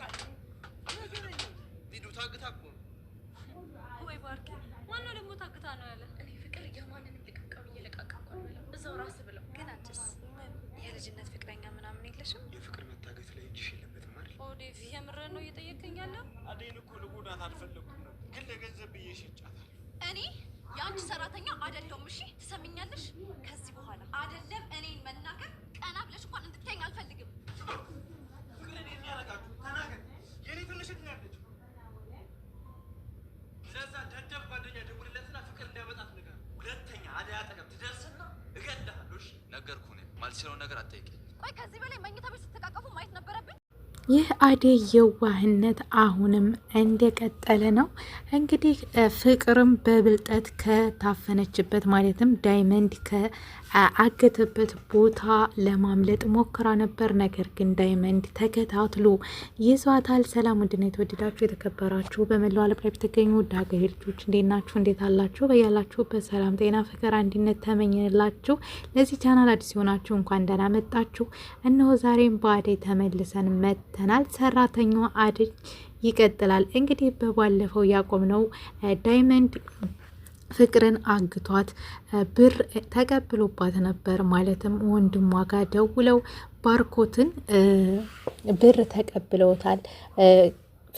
ታውቃለህ ታግታ እኮ ነው ወይ ባርኪ ማነው ደግሞ ታግታ ነው ያለ እኔ ፍቅር የማንንም ልቅብቀብ እየለቃቀምኩ አልበላም እዛው ራስ ብለው ግን አንቺስ የልጅነት ፍቅረኛ ምናምን የለሽም የፍቅር መታገት ላይ እጅሽ የለበትም አይደል ኦዴቭ የምርህን ነው እየጠየከኝ ያለው እኮ ልጎዳት አልፈለኩም ነበር ግን ለገንዘብ ብዬ ሸጫታለሁ እኔ የአንቺ ሰራተኛ አይደለሁም እሺ ትሰሚኛለሽ ከዚህ በኋላ አይደለም እኔን መናገር ቀና ብለሽ እንኳን እንድትተኝ አልፈልግም እንድትል የሚያደርጋችሁ ተናገር። የኔ ትንሽ ነው ያለች። ስለዛ ደደብ ጓደኛ ደውልለትና ፍቅር እንዳይመጣት ነገር ሁለተኛ አደይ አጠገብ ትደርስና እገድልሃለሁ። እሺ ነገርኩህ። እኔ ማልችለውን ነገር አትጠይቀኝ። ቆይ ከዚህ በላይ መኝታ ቤት ስትቃቀፉ ማየት ነበረብን? ይህ አደይ የዋህነት አሁንም እንደቀጠለ ነው። እንግዲህ ፍቅርም በብልጠት ከታፈነችበት ማለትም ዳይመንድ ከአገተበት ቦታ ለማምለጥ ሞክራ ነበር። ነገር ግን ዳይመንድ ተከታትሎ ይዟታል። ሰላም ውድና የተወደዳችሁ የተከበራችሁ በመላው ዓለም ላይ ብትገኙ ውድ ሀገሬ ልጆች እንዴት ናችሁ? እንዴት አላችሁ? በያላችሁበት ሰላም፣ ጤና፣ ፍቅር፣ አንድነት ተመኝንላችሁ። ለዚህ ቻናል አዲስ ሲሆናችሁ እንኳን ደህና መጣችሁ። እነሆ ዛሬም በአደይ ተመልሰን መጥ ተመልክተናል። ሰራተኛዋ አደይ ይቀጥላል። እንግዲህ በባለፈው ነው ዳይመንድ ፍቅርን አግቷት ብር ተቀብሎባት ነበር። ማለትም ወንድሟ ጋር ደውለው ባርኮትን ብር ተቀብለውታል።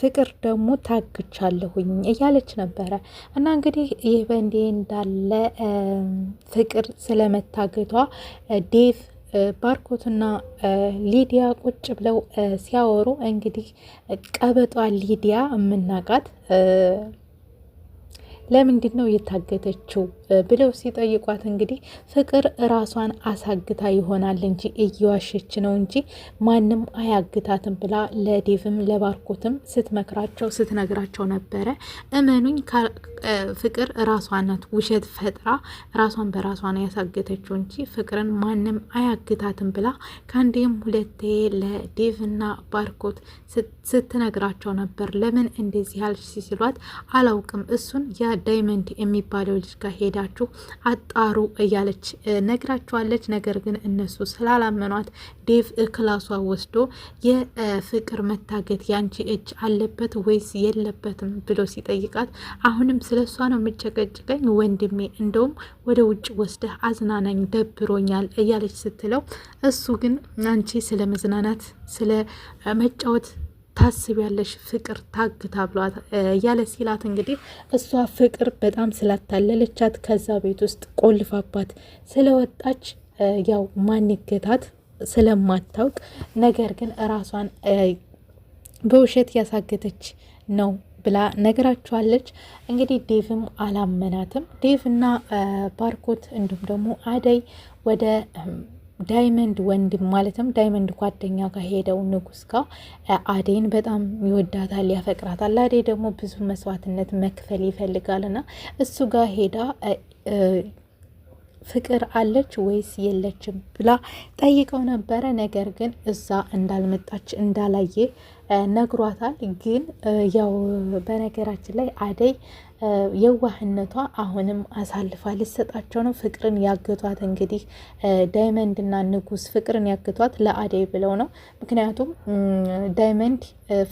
ፍቅር ደግሞ ታግቻለሁኝ እያለች ነበረ እና እንግዲህ ይህ በእንዲህ እንዳለ ፍቅር ስለመታገቷ ዴቭ ባርኮትና ሊዲያ ቁጭ ብለው ሲያወሩ እንግዲህ ቀበጧ ሊዲያ የምናውቃት ለምንድን ነው የታገተችው ብለው ሲጠይቋት እንግዲህ ፍቅር ራሷን አሳግታ ይሆናል እንጂ እየዋሸች ነው እንጂ ማንም አያግታትም ብላ ለዴቭም ለባርኮትም ስትመክራቸው ስትነግራቸው ነበረ። እመኑኝ ፍቅር ራሷ ናት ውሸት ፈጥራ ራሷን በራሷ ነው ያሳገተችው እንጂ ፍቅርን ማንም አያግታትም ብላ ከአንዴም ሁለቴ ለዴቭና ባርኮት ስትነግራቸው ነበር። ለምን እንደዚህ ያልሽ ሲሏት አላውቅም እሱን ያ ዳይመንድ የሚባለው ልጅ ጋር ሄዳችሁ አጣሩ እያለች ነግራችኋለች። ነገር ግን እነሱ ስላላመኗት ዴቭ ክላሷ ወስዶ የፍቅር መታገት ያንቺ እጅ አለበት ወይስ የለበትም ብሎ ሲጠይቃት አሁንም ስለ እሷ ነው የምጨቀጭቀኝ ወንድሜ፣ እንደውም ወደ ውጭ ወስደህ አዝናናኝ ደብሮኛል እያለች ስትለው እሱ ግን አንቺ ስለ መዝናናት ስለ መጫወት ታስቢያለሽ ፍቅር ታግታ ብሏት እያለ ሲላት እንግዲህ እሷ ፍቅር በጣም ስላታለለቻት ከዛ ቤት ውስጥ ቆልፋባት ስለወጣች ያው ማንገታት ስለማታውቅ ነገር ግን እራሷን በውሸት ያሳገተች ነው ብላ ነገራችኋለች። እንግዲህ ዴቭም አላመናትም። ዴቭ እና ባርኮት እንዲሁም ደግሞ አደይ ወደ ዳይመንድ ወንድም ማለትም ዳይመንድ ጓደኛ ጋር ሄደው ንጉስ ጋር አዴን በጣም ይወዳታል፣ ያፈቅራታል። አዴ ደግሞ ብዙ መስዋዕትነት መክፈል ይፈልጋልና እሱ ጋር ሄዳ ፍቅር አለች ወይስ የለችም ብላ ጠይቀው ነበረ። ነገር ግን እዛ እንዳልመጣች እንዳላየ ነግሯታል። ግን ያው በነገራችን ላይ አደይ የዋህነቷ አሁንም አሳልፋ ልሰጣቸው ነው። ፍቅርን ያግቷት እንግዲህ ዳይመንድና ንጉስ ፍቅርን ያግቷት ለአደይ ብለው ነው። ምክንያቱም ዳይመንድ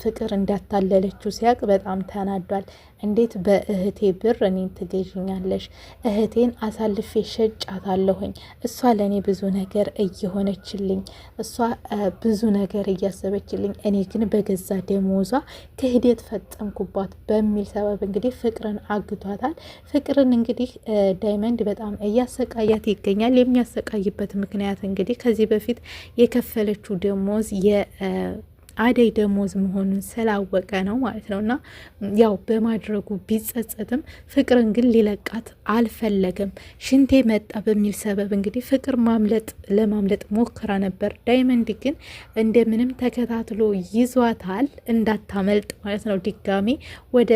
ፍቅር እንዳታለለችው ሲያቅ በጣም ተናዷል። እንዴት በእህቴ ብር እኔን ትገዥኛለሽ? እህቴን አሳልፌ ሸጫታለሁኝ። እሷ ለእኔ ብዙ ነገር እየሆነችልኝ፣ እሷ ብዙ ነገር እያሰበችልኝ፣ እኔ ግን በግ በገዛ ደሞዟ ክህደት ፈጸምኩባት በሚል ሰበብ እንግዲህ ፍቅርን አግቷታል። ፍቅርን እንግዲህ ዳይመንድ በጣም እያሰቃያት ይገኛል። የሚያሰቃይበት ምክንያት እንግዲህ ከዚህ በፊት የከፈለችው ደሞዝ አደይ ደሞዝ መሆኑን ስላወቀ ነው ማለት ነው። እና ያው በማድረጉ ቢጸጸትም ፍቅርን ግን ሊለቃት አልፈለገም። ሽንቴ መጣ በሚል ሰበብ እንግዲህ ፍቅር ማምለጥ ለማምለጥ ሞክራ ነበር። ዳይመንድ ግን እንደምንም ተከታትሎ ይዟታል እንዳታመልጥ ማለት ነው። ድጋሚ ወደ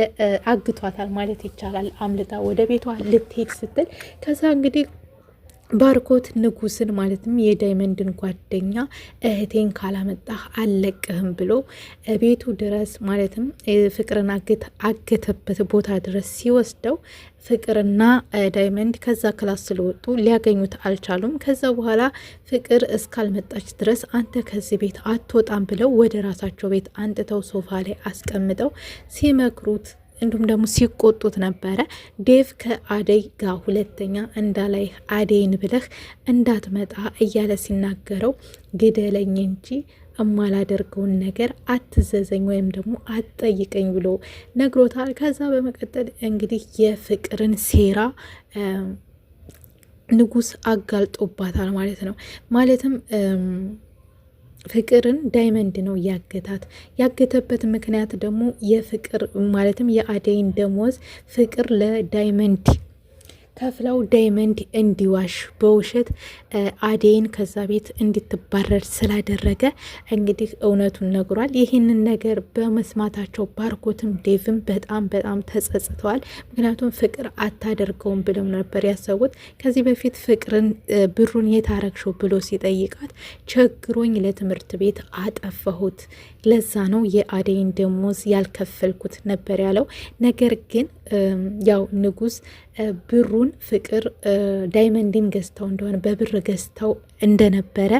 አግቷታል ማለት ይቻላል። አምልጣ ወደ ቤቷ ልትሄድ ስትል ከዛ እንግዲህ ባርኮት ንጉስን ማለትም የዳይመንድን ጓደኛ እህቴን ካላመጣህ አለቅህም ብሎ ቤቱ ድረስ ማለትም ፍቅርን አገተበት ቦታ ድረስ ሲወስደው ፍቅርና ዳይመንድ ከዛ ክላስ ስለወጡ ሊያገኙት አልቻሉም። ከዛ በኋላ ፍቅር እስካልመጣች ድረስ አንተ ከዚህ ቤት አትወጣም ብለው ወደ ራሳቸው ቤት አንጥተው ሶፋ ላይ አስቀምጠው ሲመክሩት እንዲሁም ደግሞ ሲቆጡት ነበረ። ዴቭ ከአደይ ጋር ሁለተኛ እንዳላይ አደይን ብለህ እንዳትመጣ እያለ ሲናገረው ግደለኝ እንጂ እማላደርገውን ነገር አትዘዘኝ ወይም ደግሞ አትጠይቀኝ ብሎ ነግሮታል። ከዛ በመቀጠል እንግዲህ የፍቅርን ሴራ ንጉስ አጋልጦባታል ማለት ነው ማለትም ፍቅርን ዳይመንድ ነው ያገታት። ያገተበት ምክንያት ደግሞ የፍቅር ማለትም የአደይን ደሞዝ ፍቅር ለዳይመንድ ከፍለው ዳይመንድ እንዲዋሽ በውሸት አዴይን ከዛ ቤት እንድትባረር ስላደረገ እንግዲህ እውነቱን ነግሯል። ይህንን ነገር በመስማታቸው ባርኮትም ዴቭም በጣም በጣም ተጸጽተዋል። ምክንያቱም ፍቅር አታደርገውም ብለው ነበር ያሰቡት። ከዚህ በፊት ፍቅርን ብሩን የታረግሽው ብሎ ሲጠይቃት ቸግሮኝ ለትምህርት ቤት አጠፋሁት፣ ለዛ ነው የአደይን ደሞዝ ያልከፈልኩት ነበር ያለው። ነገር ግን ያው ንጉስ ብሩ ብሩን ፍቅር ዳይመንድን ገዝተው እንደሆነ በብር ገዝተው እንደነበረ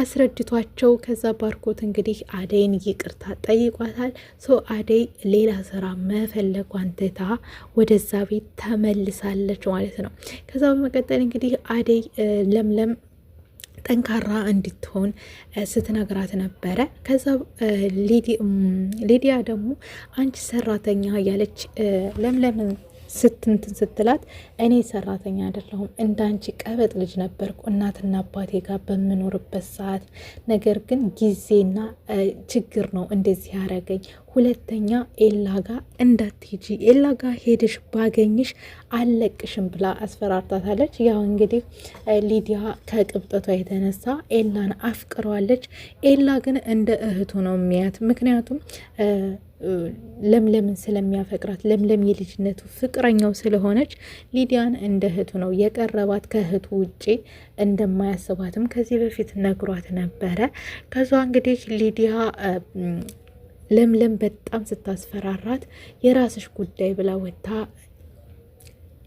አስረድቷቸው ከዛ ባርኮት እንግዲህ አደይን ይቅርታ ጠይቋታል። ሶ አደይ ሌላ ስራ መፈለጓን ትታ ወደዛ ቤት ተመልሳለች ማለት ነው። ከዛ በመቀጠል እንግዲህ አደይ ለምለም ጠንካራ እንድትሆን ስትነግራት ነበረ። ከዛ ሊዲያ ደግሞ አንቺ ሰራተኛ እያለች ለምለምን ስትንትን ስትላት እኔ ሰራተኛ አይደለሁም እንዳንቺ ቀበጥ ልጅ ነበርኩ እናትና አባቴ ጋር በምኖርበት ሰዓት፣ ነገር ግን ጊዜና ችግር ነው እንደዚህ ያደረገኝ። ሁለተኛ ኤላ ጋ እንዳትሄጂ፣ ኤላ ጋ ሄደሽ ባገኝሽ አለቅሽም ብላ አስፈራርታታለች። ያው እንግዲህ ሊዲያ ከቅብጠቷ የተነሳ ኤላን አፍቅረዋለች። ኤላ ግን እንደ እህቱ ነው የሚያት ምክንያቱም ለምለምን ስለሚያፈቅራት ለምለም የልጅነቱ ፍቅረኛው ስለሆነች ሊዲያን እንደ እህቱ ነው የቀረባት። ከእህቱ ውጪ እንደማያስባትም ከዚህ በፊት ነግሯት ነበረ። ከዛ እንግዲህ ሊዲያ ለምለም በጣም ስታስፈራራት የራስሽ ጉዳይ ብላ ወታ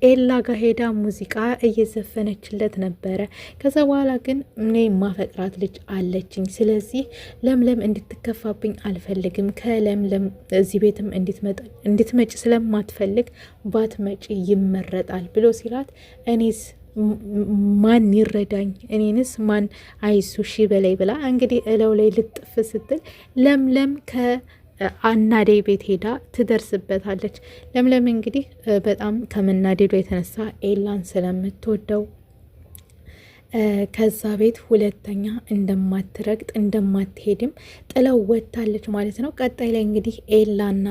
ኤላ ጋሄዳ ሄዳ ሙዚቃ እየዘፈነችለት ነበረ። ከዛ በኋላ ግን እኔ ማፈቅራት ልጅ አለችኝ፣ ስለዚህ ለምለም እንድትከፋብኝ አልፈልግም። ከለምለም እዚህ ቤትም እንድትመጭ ስለማትፈልግ ባትመጪ ይመረጣል ብሎ ሲላት እኔስ ማን ይረዳኝ እኔንስ ማን አይሱ ሺ በላይ ብላ እንግዲህ እለው ላይ ልጥፍ ስትል ለምለም ከ አናዴ ቤት ሄዳ ትደርስበታለች። ለምለም እንግዲህ በጣም ከመናደዷ የተነሳ ኤላን ስለምትወደው ከዛ ቤት ሁለተኛ እንደማትረግጥ እንደማትሄድም ጥለው ወጥታለች ማለት ነው። ቀጣይ ላይ እንግዲህ ኤላና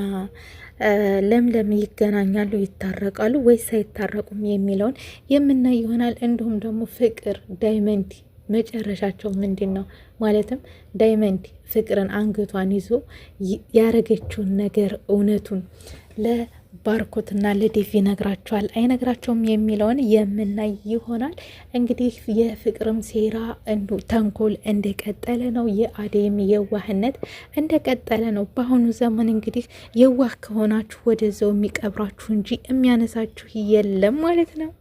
ለምለም ይገናኛሉ፣ ይታረቃሉ ወይስ አይታረቁም የሚለውን የምናይ ይሆናል። እንዲሁም ደግሞ ፍቅር ዳይመንድ መጨረሻቸው ምንድን ነው? ማለትም ዳይመንድ ፍቅርን አንገቷን ይዞ ያረገችውን ነገር እውነቱን ለባርኮትና ለዴቭ ይነግራቸዋል አይነግራቸውም የሚለውን የምናይ ይሆናል። እንግዲህ የፍቅርም ሴራ ተንኮል እንደቀጠለ ነው። የአደይም የዋህነት እንደቀጠለ ነው። በአሁኑ ዘመን እንግዲህ የዋህ ከሆናችሁ ወደዛው የሚቀብራችሁ እንጂ የሚያነሳችሁ የለም ማለት ነው።